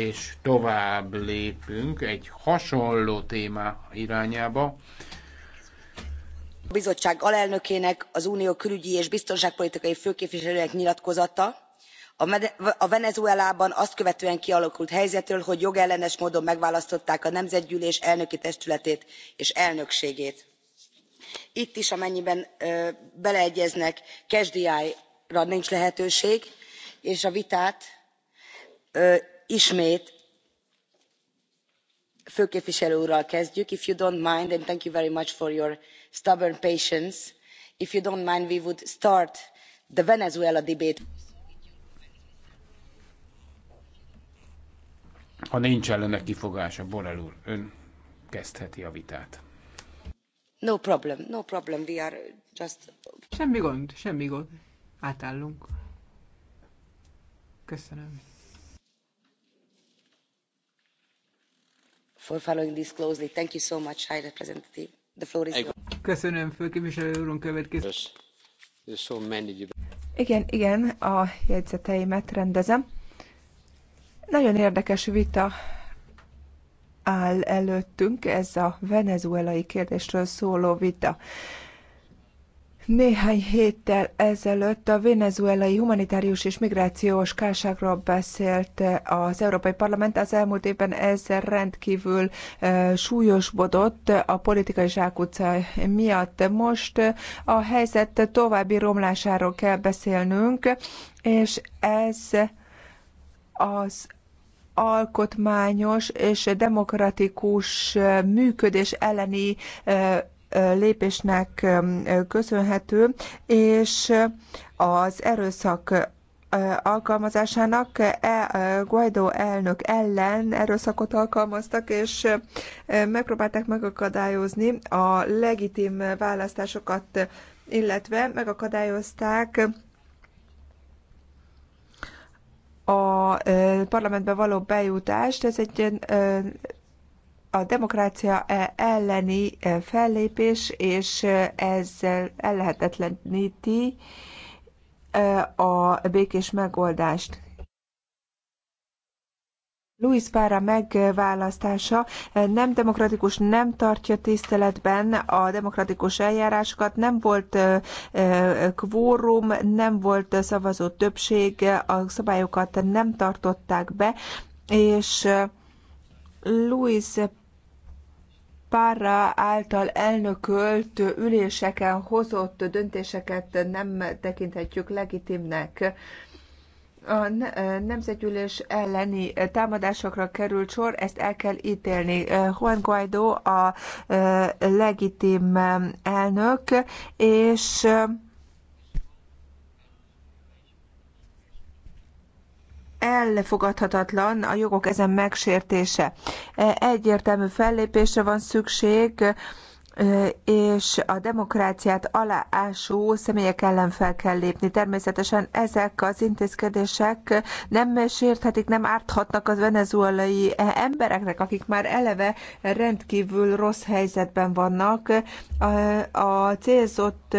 és tovább lépünk egy hasonló témá irányába. A bizottság alelnökének, az Unió külügyi és biztonságpolitikai főképviselőjének nyilatkozata a venezuelában azt követően kialakult helyzetről hogy jogellenes módon megválasztották a nemzetgyűlés elnöki testületét és elnökségét. itt is amennyiben ö, beleegyeznek cash ra nincs lehetőség és a vitát ö, ismét főképviselő úrral kezdjük if you don't mind and thank you very much for your stubborn patience if you don't mind we would start the venezuela debate. Ha nincs ellene kifogása, Borrell úr, ön kezdheti a vitát. No problem, no problem, we are just... Semmi gond, semmi gond. Átállunk. Köszönöm. igen igen, a jegyzeteimet rendezem nagyon érdekes vita áll előttünk ez a venezuelai kérdésről szóló vita néhány héttel ezelőtt a venezuelai humanitárius és migrációs kárságról beszélt az Európai Parlament. Az elmúlt évben ez rendkívül súlyosbodott a politikai zsákutca miatt. Most a helyzet további romlásáról kell beszélnünk, és ez az alkotmányos és demokratikus működés elleni lépésnek köszönhető, és az erőszak alkalmazásának e, Guaidó elnök ellen erőszakot alkalmaztak, és megpróbálták megakadályozni a legitim választásokat, illetve megakadályozták a parlamentbe való bejutást. Ez egy a demokrácia e elleni e, fellépés, és e, ez ellehetetleníti a békés megoldást. Louis Pára megválasztása nem demokratikus, nem tartja tiszteletben a demokratikus eljárásokat, nem volt kvórum, nem volt szavazó többség, a szabályokat nem tartották be, és Louis Parra által elnökölt üléseken hozott döntéseket nem tekinthetjük legitimnek. A nemzetgyűlés elleni támadásokra került sor, ezt el kell ítélni. Juan Guaidó a legitim elnök, és elfogadhatatlan a jogok ezen megsértése. E, egyértelmű fellépésre van szükség, e, és a demokráciát aláásó személyek ellen fel kell lépni. Természetesen ezek az intézkedések nem sérthetik, nem árthatnak az venezuelai e, embereknek, akik már eleve rendkívül rossz helyzetben vannak. A célzott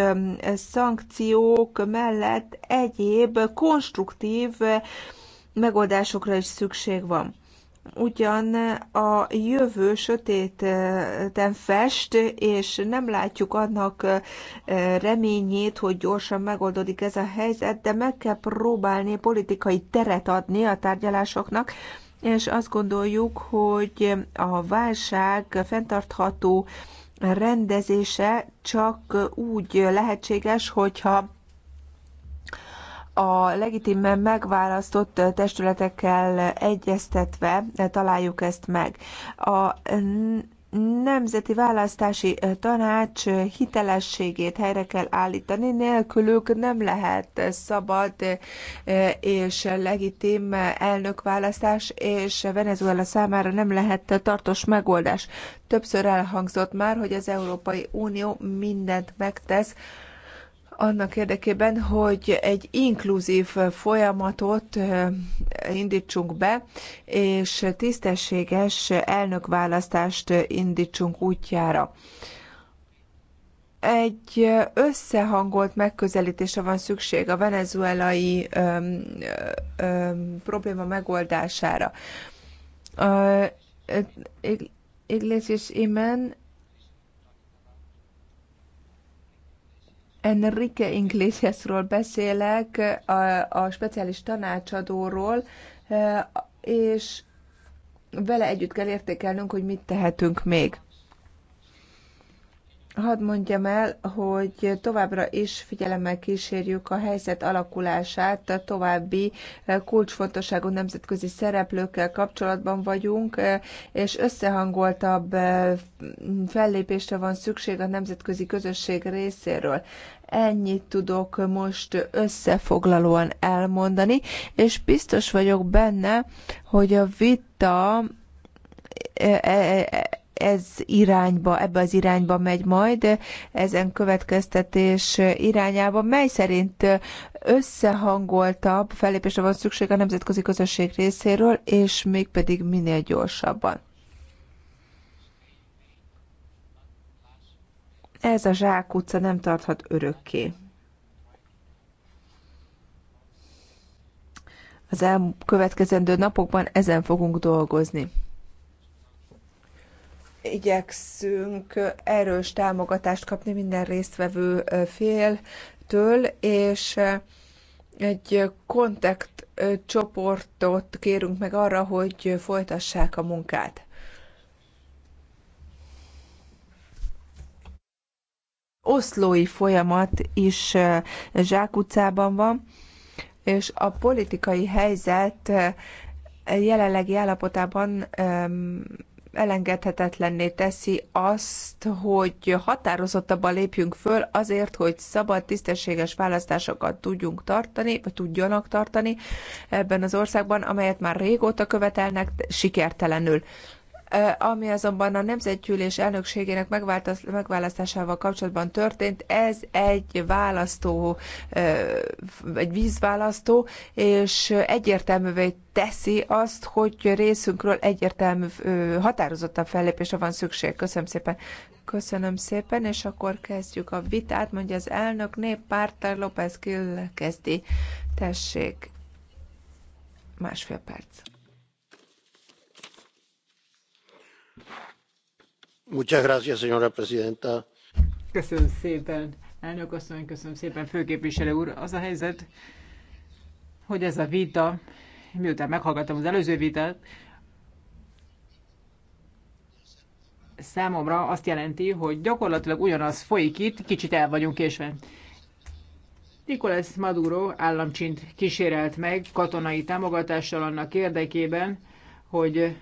szankciók mellett egyéb konstruktív megoldásokra is szükség van. Ugyan a jövő sötéten fest, és nem látjuk annak reményét, hogy gyorsan megoldódik ez a helyzet, de meg kell próbálni politikai teret adni a tárgyalásoknak, és azt gondoljuk, hogy a válság fenntartható rendezése csak úgy lehetséges, hogyha a legitimen megválasztott testületekkel egyeztetve találjuk ezt meg. A Nemzeti Választási Tanács hitelességét helyre kell állítani, nélkülük nem lehet szabad és legitim elnökválasztás, és Venezuela számára nem lehet tartós megoldás. Többször elhangzott már, hogy az Európai Unió mindent megtesz, annak érdekében, hogy egy inkluzív folyamatot indítsunk be, és tisztességes elnökválasztást indítsunk útjára. Egy összehangolt megközelítése van szükség a venezuelai ö, ö, probléma megoldására. Iglesias Imen Enrique Iglesiasról beszélek, a, a speciális tanácsadóról, eh, és vele együtt kell értékelnünk, hogy mit tehetünk még. Hadd mondjam el, hogy továbbra is figyelemmel kísérjük a helyzet alakulását, a további eh, kulcsfontosságú nemzetközi szereplőkkel kapcsolatban vagyunk, eh, és összehangoltabb eh, fellépésre van szükség a nemzetközi közösség részéről. Ennyit tudok most összefoglalóan elmondani, és biztos vagyok benne, hogy a vita ez irányba, ebbe az irányba megy majd, ezen következtetés irányába, mely szerint összehangoltabb fellépésre van szükség a nemzetközi közösség részéről, és mégpedig minél gyorsabban. Ez a zsákutca nem tarthat örökké. Az elkövetkezendő napokban ezen fogunk dolgozni igyekszünk erős támogatást kapni minden résztvevő féltől, és egy kontakt csoportot kérünk meg arra, hogy folytassák a munkát. Oszlói folyamat is zsákutcában van, és a politikai helyzet jelenlegi állapotában elengedhetetlenné teszi azt, hogy határozottabban lépjünk föl azért, hogy szabad, tisztességes választásokat tudjunk tartani, vagy tudjanak tartani ebben az országban, amelyet már régóta követelnek sikertelenül ami azonban a Nemzetgyűlés elnökségének megválasztásával kapcsolatban történt, ez egy választó, egy vízválasztó, és egyértelművé teszi azt, hogy részünkről egyértelmű, határozottabb fellépésre van szükség. Köszönöm szépen. Köszönöm szépen, és akkor kezdjük a vitát, mondja az elnök néppártár López Gill kezdi. Tessék, másfél perc. Köszönöm szépen, elnök asszony, köszönöm szépen, főképviselő úr. Az a helyzet, hogy ez a vita, miután meghallgattam az előző vitát, számomra azt jelenti, hogy gyakorlatilag ugyanaz folyik itt, kicsit el vagyunk késve. Nicolás Maduro államcsint kísérelt meg katonai támogatással annak érdekében, hogy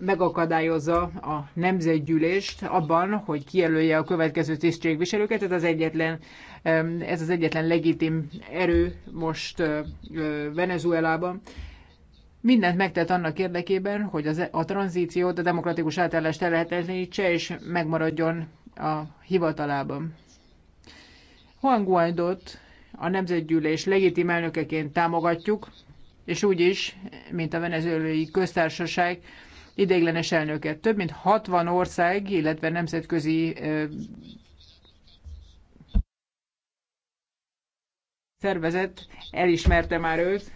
megakadályozza a nemzetgyűlést abban, hogy kijelölje a következő tisztségviselőket. ez az egyetlen, ez az egyetlen legitim erő most Venezuelában. Mindent megtett annak érdekében, hogy az, e- a tranzíciót, a demokratikus átállást ellehetetlenítse és megmaradjon a hivatalában. Juan Guaidót a Nemzetgyűlés legitim elnökeként támogatjuk, és úgy is, mint a venezuelai köztársaság ideiglenes elnöket. Több mint 60 ország, illetve nemzetközi szervezet elismerte már őt.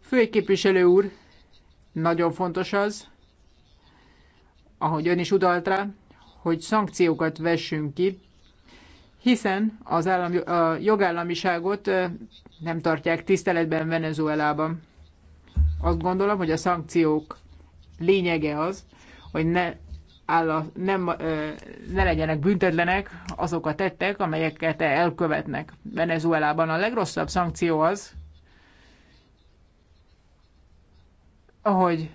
Főképviselő úr, nagyon fontos az, ahogy ön is utalt rá, hogy szankciókat vessünk ki, hiszen az állami, a jogállamiságot nem tartják tiszteletben Venezuelában. Azt gondolom, hogy a szankciók lényege az, hogy ne, áll nem, ne legyenek büntetlenek azok a tettek, amelyeket elkövetnek. Venezuelában a legrosszabb szankció az, hogy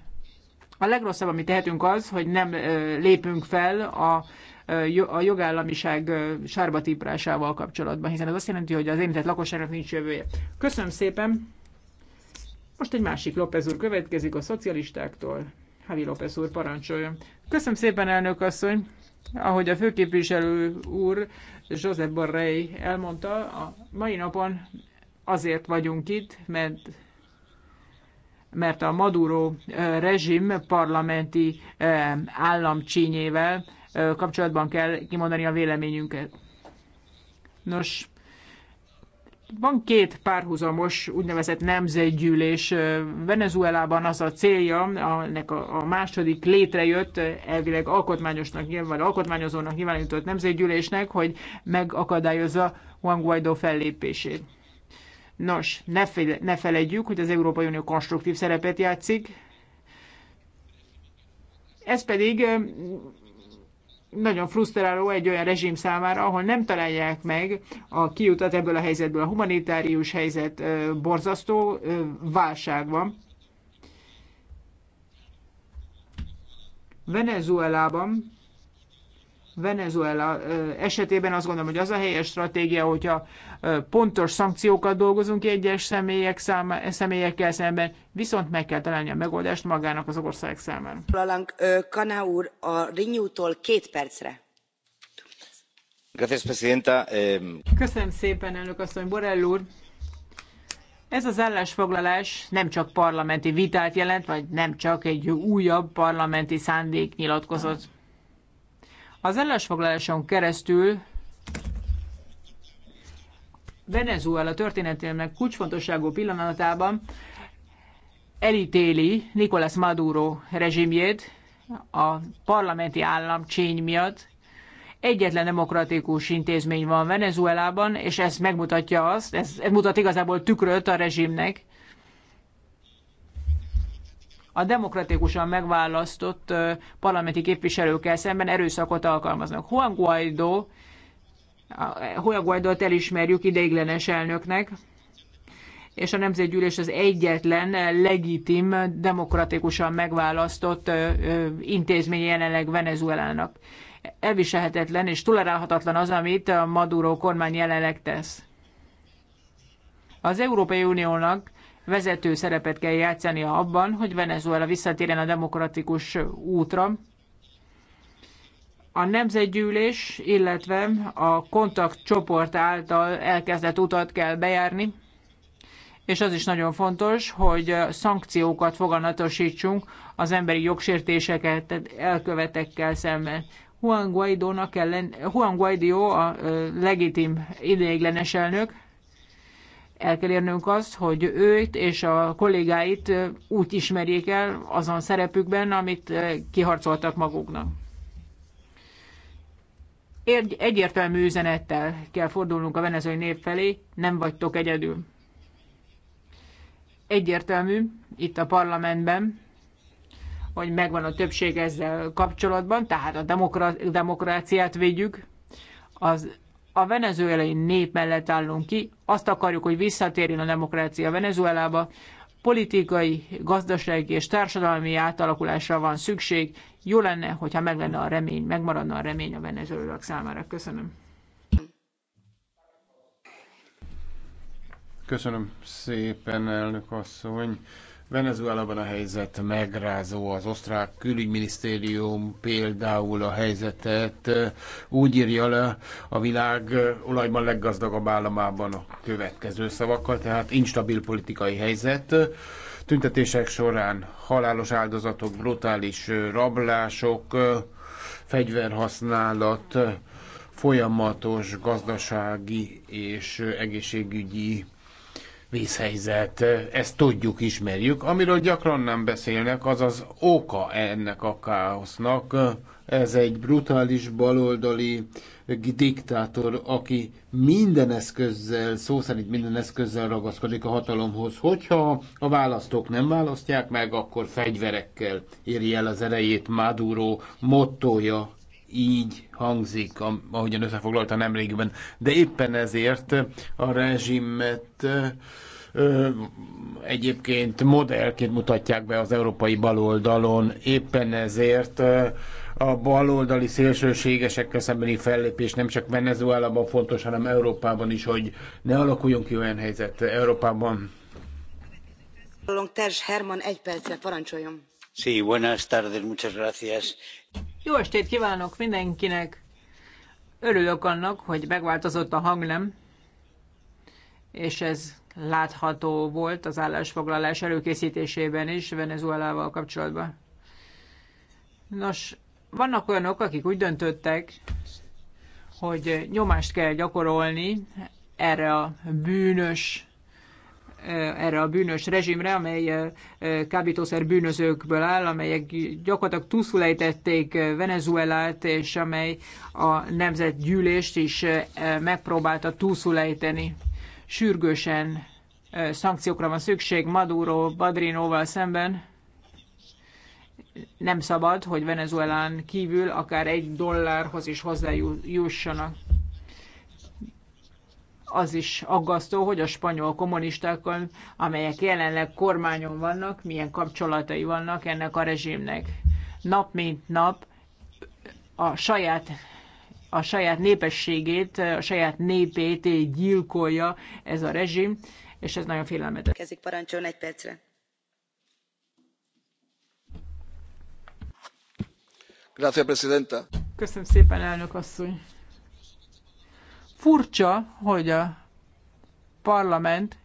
a legrosszabb, amit tehetünk az, hogy nem lépünk fel a, a jogállamiság sárba kapcsolatban, hiszen ez azt jelenti, hogy az érintett lakosságnak nincs jövője. Köszönöm szépen! Most egy másik López úr következik a szocialistáktól. Havi López úr parancsoljon. Köszönöm szépen, elnök asszony! Ahogy a főképviselő úr, Josep Borrell elmondta, a mai napon azért vagyunk itt, mert mert a Maduro rezsim parlamenti államcsínyével kapcsolatban kell kimondani a véleményünket. Nos, van két párhuzamos úgynevezett nemzetgyűlés Venezuelában, az a célja, ennek a második létrejött, elvileg alkotmányosnak vagy alkotmányozónak nyilvánított nemzetgyűlésnek, hogy megakadályozza Juan Guaidó fellépését. Nos, ne, fel, ne felejtjük, hogy az Európai Unió konstruktív szerepet játszik, ez pedig nagyon frusztráló egy olyan rezsim számára, ahol nem találják meg a kiutat ebből a helyzetből. A humanitárius helyzet borzasztó, válság van. Venezuelában Venezuela esetében azt gondolom, hogy az a helyes stratégia, hogyha pontos szankciókat dolgozunk egyes személyek száma, személyekkel szemben, viszont meg kell találni a megoldást magának az ország számára. Lalang Kana úr a Rinyútól két percre. Köszönöm szépen, elnök asszony, Borrell úr. Ez az állásfoglalás nem csak parlamenti vitát jelent, vagy nem csak egy újabb parlamenti szándéknyilatkozat az ellensfoglaláson keresztül Venezuela történetének kulcsfontosságú pillanatában elítéli Nicolás Maduro rezsimjét a parlamenti csény miatt. Egyetlen demokratikus intézmény van Venezuelában, és ez megmutatja azt, ez, ez mutat igazából tükröt a rezsimnek a demokratikusan megválasztott parlamenti képviselőkkel szemben erőszakot alkalmaznak. Juan Guaidó, Juan Guaidót elismerjük ideiglenes elnöknek, és a Nemzetgyűlés az egyetlen legitim, demokratikusan megválasztott intézmény jelenleg Venezuelának. Elviselhetetlen és tolerálhatatlan az, amit a Maduro kormány jelenleg tesz. Az Európai Uniónak vezető szerepet kell játszania abban, hogy Venezuela visszatérjen a demokratikus útra. A nemzetgyűlés, illetve a kontaktcsoport által elkezdett utat kell bejárni, és az is nagyon fontos, hogy szankciókat foganatosítsunk az emberi jogsértéseket elkövetekkel szemben. Juan Guaidónak ellen, Juan Guaidó a legitim ideiglenes elnök, el kell érnünk azt, hogy őt és a kollégáit úgy ismerjék el azon szerepükben, amit kiharcoltak maguknak. Egy, egyértelmű üzenettel kell fordulnunk a venezuelai nép felé, nem vagytok egyedül. Egyértelmű itt a parlamentben, hogy megvan a többség ezzel kapcsolatban, tehát a demokra- demokráciát védjük, az a venezuelai nép mellett állunk ki, azt akarjuk, hogy visszatérjen a demokrácia Venezuelába, politikai, gazdasági és társadalmi átalakulásra van szükség. Jó lenne, hogyha meg lenne a remény, megmaradna a remény a venezuelák számára. Köszönöm. Köszönöm szépen, elnök asszony. Venezuelában a helyzet megrázó, az osztrák külügyminisztérium például a helyzetet úgy írja le a világ olajban leggazdagabb államában a következő szavakkal, tehát instabil politikai helyzet. Tüntetések során halálos áldozatok, brutális rablások, fegyverhasználat, folyamatos gazdasági és egészségügyi vízhelyzet, ezt tudjuk, ismerjük. Amiről gyakran nem beszélnek, az az oka ennek a káosznak. Ez egy brutális baloldali diktátor, aki minden eszközzel, szó szerint minden eszközzel ragaszkodik a hatalomhoz. Hogyha a választók nem választják meg, akkor fegyverekkel éri el az erejét Maduro mottoja így hangzik, ahogyan összefoglalta nemrégiben. De éppen ezért a rezsimet ö, egyébként modellként mutatják be az európai baloldalon. Éppen ezért a baloldali szélsőségesekkel szembeni fellépés nem csak Venezuelában fontos, hanem Európában is, hogy ne alakuljon ki olyan helyzet Európában. Terz Herman egy percre parancsoljon. Sí, buenas tardes, muchas gracias. Jó estét kívánok mindenkinek! Örülök annak, hogy megváltozott a hanglem, és ez látható volt az állásfoglalás előkészítésében is Venezuelával kapcsolatban. Nos, vannak olyanok, akik úgy döntöttek, hogy nyomást kell gyakorolni erre a bűnös erre a bűnös rezsimre, amely kábítószer bűnözőkből áll, amelyek gyakorlatilag túlszulejtették Venezuelát, és amely a nemzetgyűlést is megpróbálta túlszulejteni. Sürgősen szankciókra van szükség Maduro, Badrinoval szemben. Nem szabad, hogy Venezuelán kívül akár egy dollárhoz is hozzájussanak az is aggasztó, hogy a spanyol kommunistákkal, amelyek jelenleg kormányon vannak, milyen kapcsolatai vannak ennek a rezsimnek. Nap mint nap a saját a saját népességét, a saját népét gyilkolja ez a rezsim, és ez nagyon félelmetes. Kezik parancsoljon egy percre. Presidenta. Köszönöm szépen, elnök asszony. Furcsa, hogy a parlament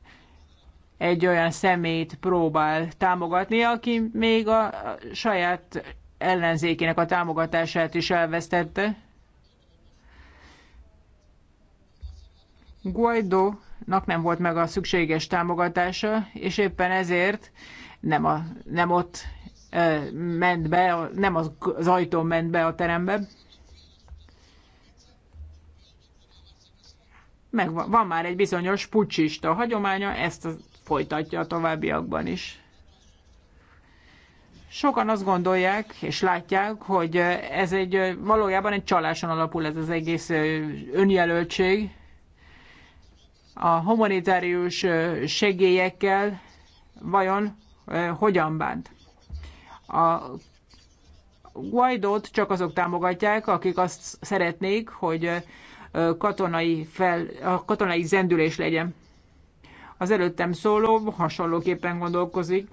egy olyan szemét próbál támogatni, aki még a saját ellenzékének a támogatását is elvesztette. Guaidónak nem volt meg a szükséges támogatása, és éppen ezért nem, a, nem ott ment be, nem az ajtón ment be a terembe. meg van már egy bizonyos pucsista hagyománya, ezt folytatja a továbbiakban is. Sokan azt gondolják és látják, hogy ez egy valójában egy csaláson alapul ez az egész önjelöltség. A humanitárius segélyekkel vajon hogyan bánt? A Guaidót csak azok támogatják, akik azt szeretnék, hogy katonai, fel, a katonai zendülés legyen. Az előttem szóló hasonlóképpen gondolkozik.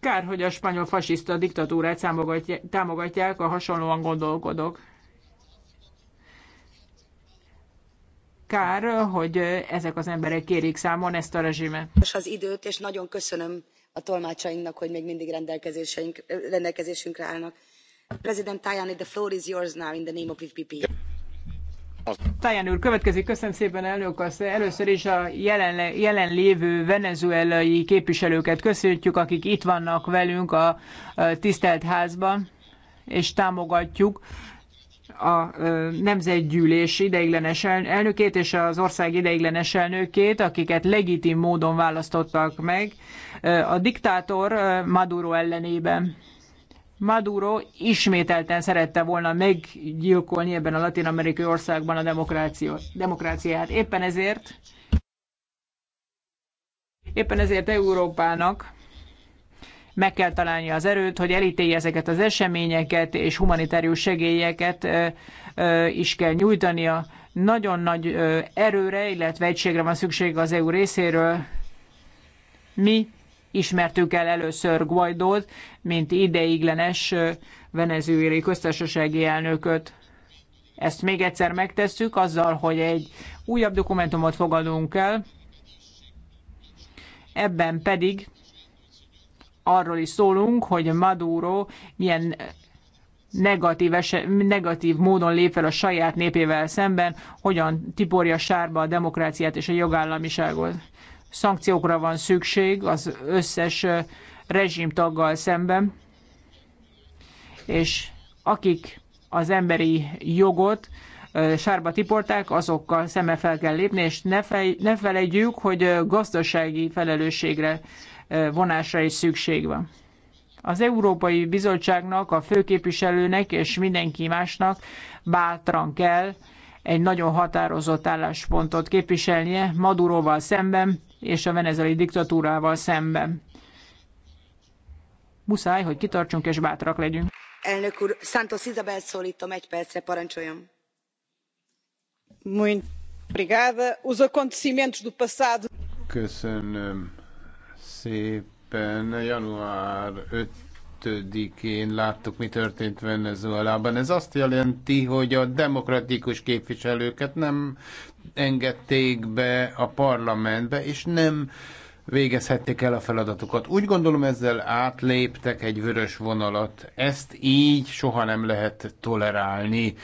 Kár, hogy a spanyol fasiszta diktatúrát támogatják a hasonlóan gondolkodok. Kár, hogy ezek az emberek kérik számon ezt a rezsimet. Most az időt, és nagyon köszönöm a tolmácsainknak, hogy még mindig rendelkezésünkre állnak. President Tajani, is úr, következik. Köszönöm szépen, elnök asszony. Először is a jelen, jelenlévő venezuelai képviselőket köszöntjük, akik itt vannak velünk a, a tisztelt házban, és támogatjuk a nemzetgyűlés ideiglenes elnökét és az ország ideiglenes elnökét, akiket legitim módon választottak meg a diktátor Maduro ellenében. Maduro ismételten szerette volna meggyilkolni ebben a latin-amerikai országban a demokráciát. Éppen ezért Éppen ezért Európának meg kell találnia az erőt, hogy elítélje ezeket az eseményeket, és humanitárius segélyeket is kell nyújtania. Nagyon nagy erőre, illetve egységre van szükség az EU részéről. Mi ismertük el először Guaidót, mint ideiglenes venezuéli köztársasági elnököt. Ezt még egyszer megtesszük azzal, hogy egy újabb dokumentumot fogadunk el, ebben pedig arról is szólunk, hogy Maduro milyen negatív, negatív módon lép fel a saját népével szemben, hogyan tiporja sárba a demokráciát és a jogállamiságot szankciókra van szükség az összes rezsimtaggal szemben, és akik az emberi jogot sárba tiporták, azokkal szembe fel kell lépni, és ne, fej, ne felejtjük, hogy gazdasági felelősségre vonásra is szükség van. Az Európai Bizottságnak, a főképviselőnek és mindenki másnak bátran kell egy nagyon határozott álláspontot képviselnie Maduroval szemben és a venezuelai diktatúrával szemben. Muszáj, hogy kitartsunk és bátrak legyünk. Elnök úr, Santos Isabel szólítom egy percre, parancsoljon. Muito obrigada. Os acontecimentos do passado... Köszönöm szépen. Január 5 5-én láttuk, mi történt Venezuelában. Ez azt jelenti, hogy a demokratikus képviselőket nem engedték be a parlamentbe, és nem végezhették el a feladatukat. Úgy gondolom ezzel átléptek egy vörös vonalat. Ezt így soha nem lehet tolerálni.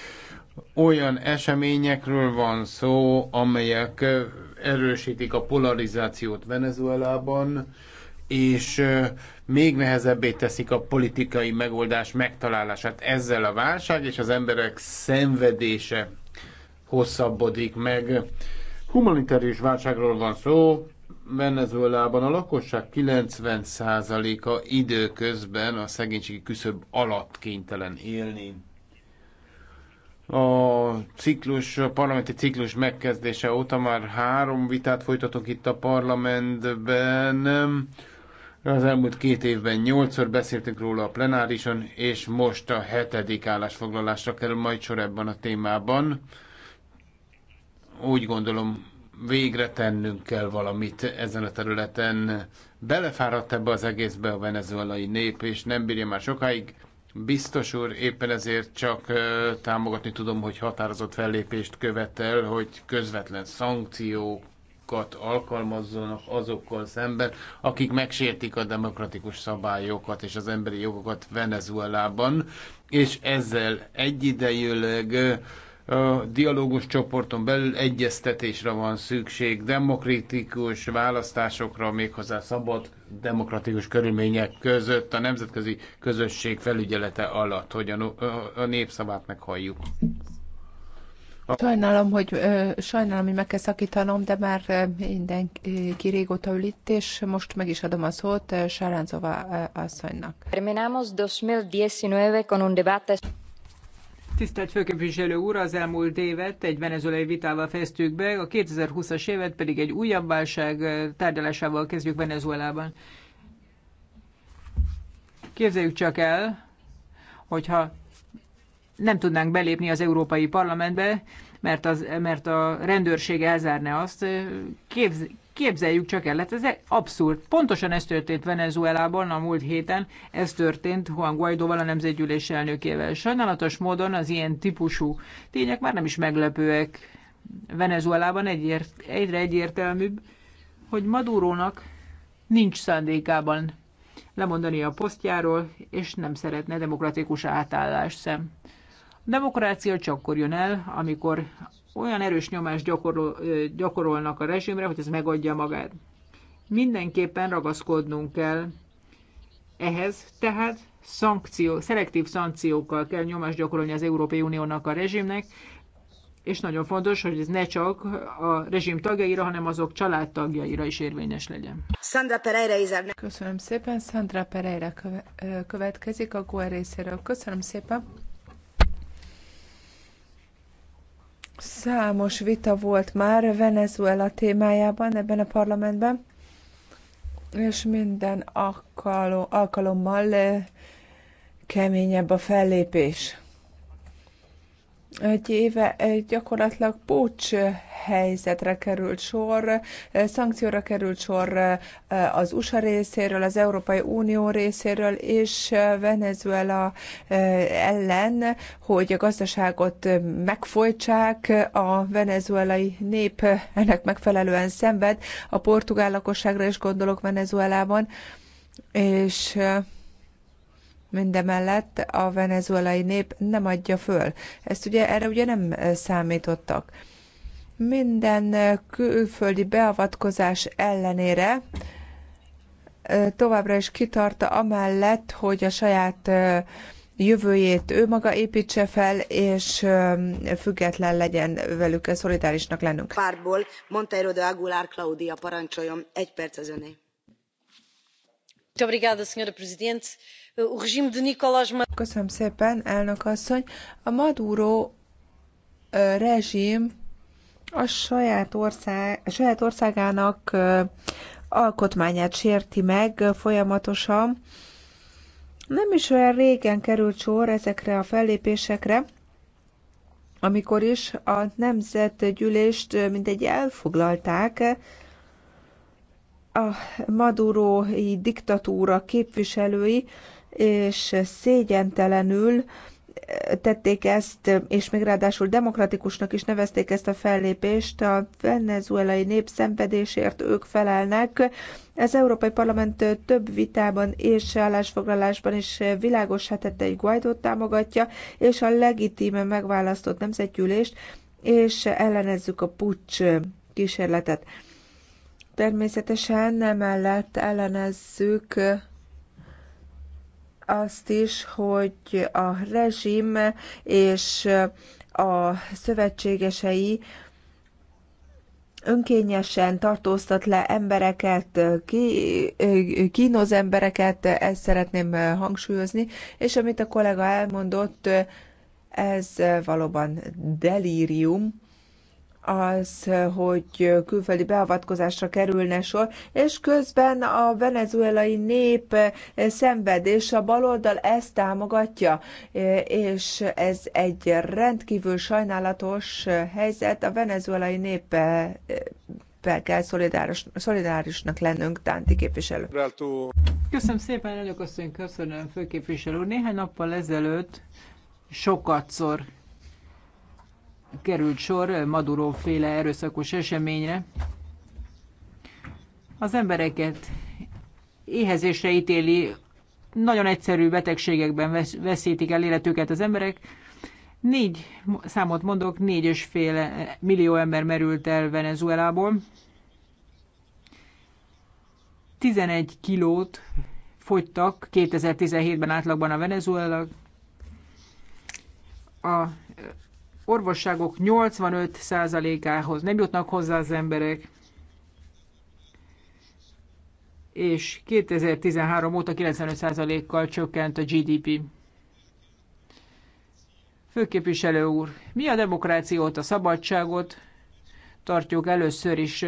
Olyan eseményekről van szó, amelyek erősítik a polarizációt Venezuelában, és még nehezebbé teszik a politikai megoldás megtalálását. Ezzel a válság és az emberek szenvedése hosszabbodik meg. Humanitárius válságról van szó, Venezuelában a lakosság 90%-a időközben a szegénységi küszöb alatt kénytelen élni. A ciklus, a parlamenti ciklus megkezdése óta már három vitát folytatunk itt a parlamentben az elmúlt két évben nyolcszor beszéltünk róla a plenárison, és most a hetedik állásfoglalásra kerül majd sor ebben a témában. Úgy gondolom, végre tennünk kell valamit ezen a területen. Belefáradt ebbe az egészbe a venezuelai nép, és nem bírja már sokáig. Biztos úr, éppen ezért csak támogatni tudom, hogy határozott fellépést követel, hogy közvetlen szankciók szankciókat alkalmazzanak azokkal szemben, akik megsértik a demokratikus szabályokat és az emberi jogokat Venezuelában, és ezzel egyidejűleg a dialógus csoporton belül egyeztetésre van szükség, demokratikus választásokra, méghozzá szabad demokratikus körülmények között a nemzetközi közösség felügyelete alatt, hogy a, a népszavát meghalljuk. Sajnálom, hogy sajnálom, hogy meg kell szakítanom, de már mindenki régóta ül itt, és most meg is adom a szót Sáráncova asszonynak. Terminamos 2019 con un debate Tisztelt Főképviselő úr, az elmúlt évet egy venezuelai vitával fejeztük be, a 2020-as évet pedig egy újabb válság tárgyalásával kezdjük Venezuelában. Képzeljük csak el, hogyha nem tudnánk belépni az Európai Parlamentbe, mert, az, mert a rendőrség elzárne azt. Képz, képzeljük csak el, hát ez abszurd. Pontosan ez történt Venezuelában a múlt héten, ez történt Juan Guaidóval, a nemzetgyűlés elnökével. Sajnálatos módon az ilyen típusú tények már nem is meglepőek. Venezuelában egyért, egyre egyértelműbb, hogy Madurónak nincs szándékában lemondani a posztjáról, és nem szeretne demokratikus átállást szem demokrácia csak akkor jön el, amikor olyan erős nyomást gyakorol, gyakorolnak a rezsimre, hogy ez megadja magát. Mindenképpen ragaszkodnunk kell ehhez, tehát szankció, szelektív szankciókkal kell nyomást gyakorolni az Európai Uniónak a rezsimnek, és nagyon fontos, hogy ez ne csak a rezsim tagjaira, hanem azok családtagjaira is érvényes legyen. Sandra Pereira izárnak. Köszönöm szépen, Sandra Pereira következik a GUE részéről. Köszönöm szépen. Számos vita volt már Venezuela témájában ebben a parlamentben, és minden alkalommal eh, keményebb a fellépés egy éve gyakorlatilag pócs helyzetre került sor, eh, szankcióra került sor eh, az USA részéről, az Európai Unió részéről és eh, Venezuela ellen, hogy a gazdaságot megfojtsák, a venezuelai nép ennek megfelelően szenved, a portugál lakosságra is gondolok Venezuelában, és Mindemellett a venezuelai nép nem adja föl. Ezt ugye, erre ugye nem eh, számítottak. Minden eh, külföldi beavatkozás ellenére eh, továbbra is kitarta amellett, hogy a saját jövőjét ő maga építse fel, és független legyen velük, szolidárisnak lennünk. Pártból Monteiro de Aguilar Claudia parancsoljon, egy perc az öné. Köszönöm szépen, elnök asszony. A Maduro rezsim a saját, ország, a saját országának alkotmányát sérti meg folyamatosan. Nem is olyan régen került sor ezekre a fellépésekre, amikor is a nemzetgyűlést mindegy elfoglalták, a madurói diktatúra képviselői, és szégyentelenül tették ezt, és még ráadásul demokratikusnak is nevezték ezt a fellépést. A venezuelai nép szenvedésért ők felelnek. Ez Európai Parlament több vitában és állásfoglalásban is világos hetette egy Guaidót támogatja, és a legitíme megválasztott nemzetgyűlést, és ellenezzük a pucs kísérletet. Természetesen emellett ellenezzük azt is, hogy a rezsim és a szövetségesei önkényesen tartóztat le embereket, kínoz embereket, ezt szeretném hangsúlyozni, és amit a kollega elmondott, ez valóban delírium, az, hogy külföldi beavatkozásra kerülne sor, és közben a venezuelai nép szenved, és a baloldal ezt támogatja, és ez egy rendkívül sajnálatos helyzet, a venezuelai nép kell szolidáris, szolidárisnak lennünk, Tánti képviselő. Köszönöm szépen, elnök asszony, köszönöm, főképviselő. Néhány nappal ezelőtt sokat szor került sor Maduro féle erőszakos eseményre. Az embereket éhezésre ítéli, nagyon egyszerű betegségekben veszítik el életüket az emberek. Négy számot mondok, négy és fél millió ember merült el Venezuelából. 11 kilót fogytak 2017-ben átlagban a Venezuela. A orvosságok 85%-ához nem jutnak hozzá az emberek, és 2013 óta 95%-kal csökkent a GDP. Főképviselő úr, mi a demokrációt, a szabadságot tartjuk először is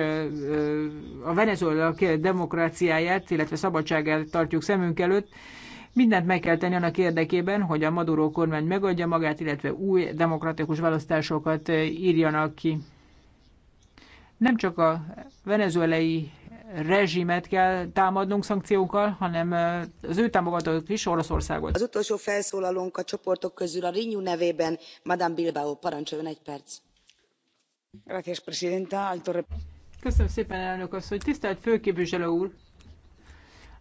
a Venezuela demokráciáját, illetve szabadságát tartjuk szemünk előtt, Mindent meg kell tenni annak érdekében, hogy a Maduro kormány megadja magát, illetve új demokratikus választásokat eh, írjanak ki. Nem csak a venezuelai rezsimet kell támadnunk szankciókkal, hanem eh, az ő támogatók is Oroszországot. Az utolsó felszólalónk a csoportok közül a Rinyú nevében, Madame Bilbao, parancsoljon egy perc. Köszönöm szépen, elnök asszony. Tisztelt főképviselő úr!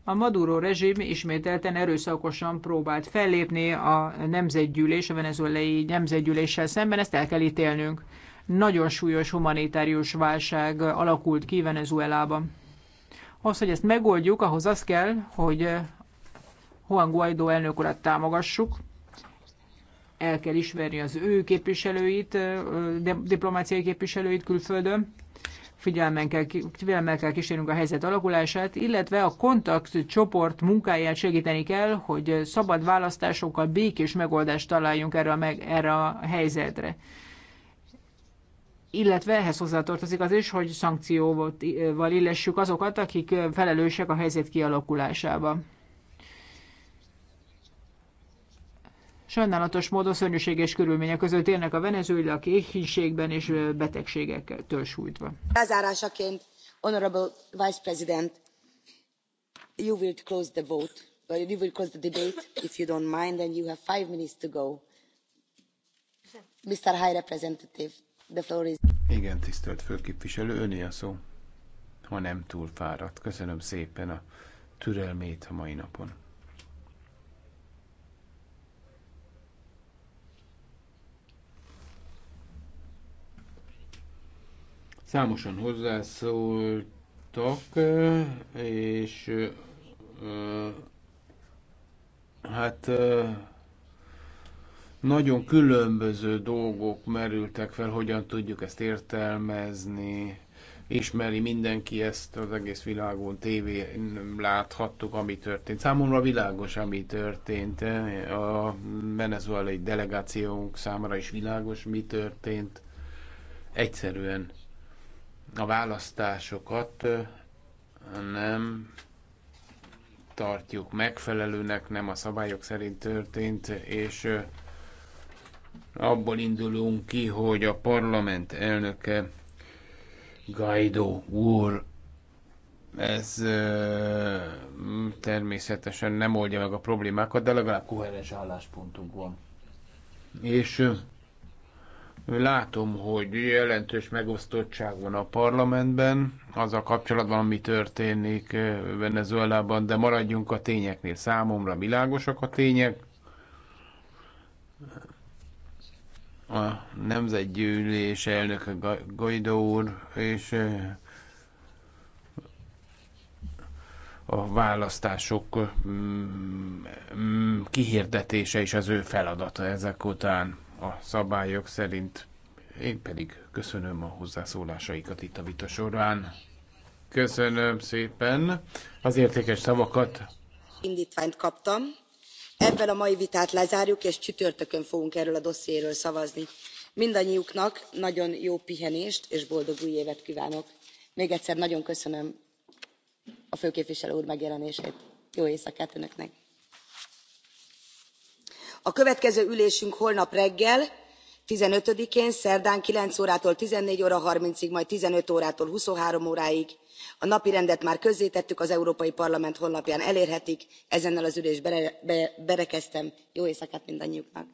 A Maduro rezsim ismételten erőszakosan próbált fellépni a nemzetgyűlés, a venezuelai nemzetgyűléssel szemben, ezt el kell ítélnünk. Nagyon súlyos humanitárius válság alakult ki Venezuelában. Ahhoz, hogy ezt megoldjuk, ahhoz az kell, hogy Juan Guaidó elnök urat támogassuk, el kell ismerni az ő képviselőit, diplomáciai képviselőit külföldön, figyelmen kell, figyelmen kell kísérnünk a helyzet alakulását, illetve a csoport munkáját segíteni kell, hogy szabad választásokkal békés megoldást találjunk erre a, meg, erre a helyzetre. Illetve ehhez hozzátartozik az is, hogy szankcióval illessük azokat, akik felelősek a helyzet kialakulásába. Sajnálatos módon szörnyűséges körülmények között élnek a venezuelak éhínségben és betegségektől sújtva. Lezárásaként, Honorable Vice President, you will close the vote, you will close the debate if you don't mind, and you have five minutes to go. Mr. High Representative, the floor is... Igen, tisztelt főképviselő, öné a szó, ha nem túl fáradt. Köszönöm szépen a türelmét a mai napon. Számosan hozzászóltak, és hát nagyon különböző dolgok merültek fel, hogyan tudjuk ezt értelmezni, ismeri mindenki ezt az egész világon, tévén láthattuk, ami történt. Számomra világos, ami történt. A venezuelai delegációnk számára is világos, mi történt. Egyszerűen a választásokat nem tartjuk megfelelőnek, nem a szabályok szerint történt, és abból indulunk ki, hogy a parlament elnöke Guaido úr ez természetesen nem oldja meg a problémákat, de legalább koherens álláspontunk van. És Látom, hogy jelentős megosztottság van a parlamentben, az a kapcsolatban, ami történik eh, Venezuelában, de maradjunk a tényeknél. Számomra világosak a tények. A nemzetgyűlés elnöke Gajdó úr, és eh, a választások mm, mm, kihirdetése is az ő feladata ezek után a szabályok szerint. Én pedig köszönöm a hozzászólásaikat itt a vita során. Köszönöm szépen az értékes szavakat. Indítványt kaptam. Ebben a mai vitát lezárjuk, és csütörtökön fogunk erről a dossziéről szavazni. Mindannyiuknak nagyon jó pihenést és boldog új évet kívánok. Még egyszer nagyon köszönöm a főképviselő úr megjelenését. Jó éjszakát önöknek! a következő ülésünk holnap reggel fifteen én szerdán nine órától fourteen óra thirty ig majd fifteen órától twenty three óráig a napirendet már közzétettük az európai parlament honlapján elérhetik ezennel az ülést berekeztem jó éjszakát mindannyiuknak.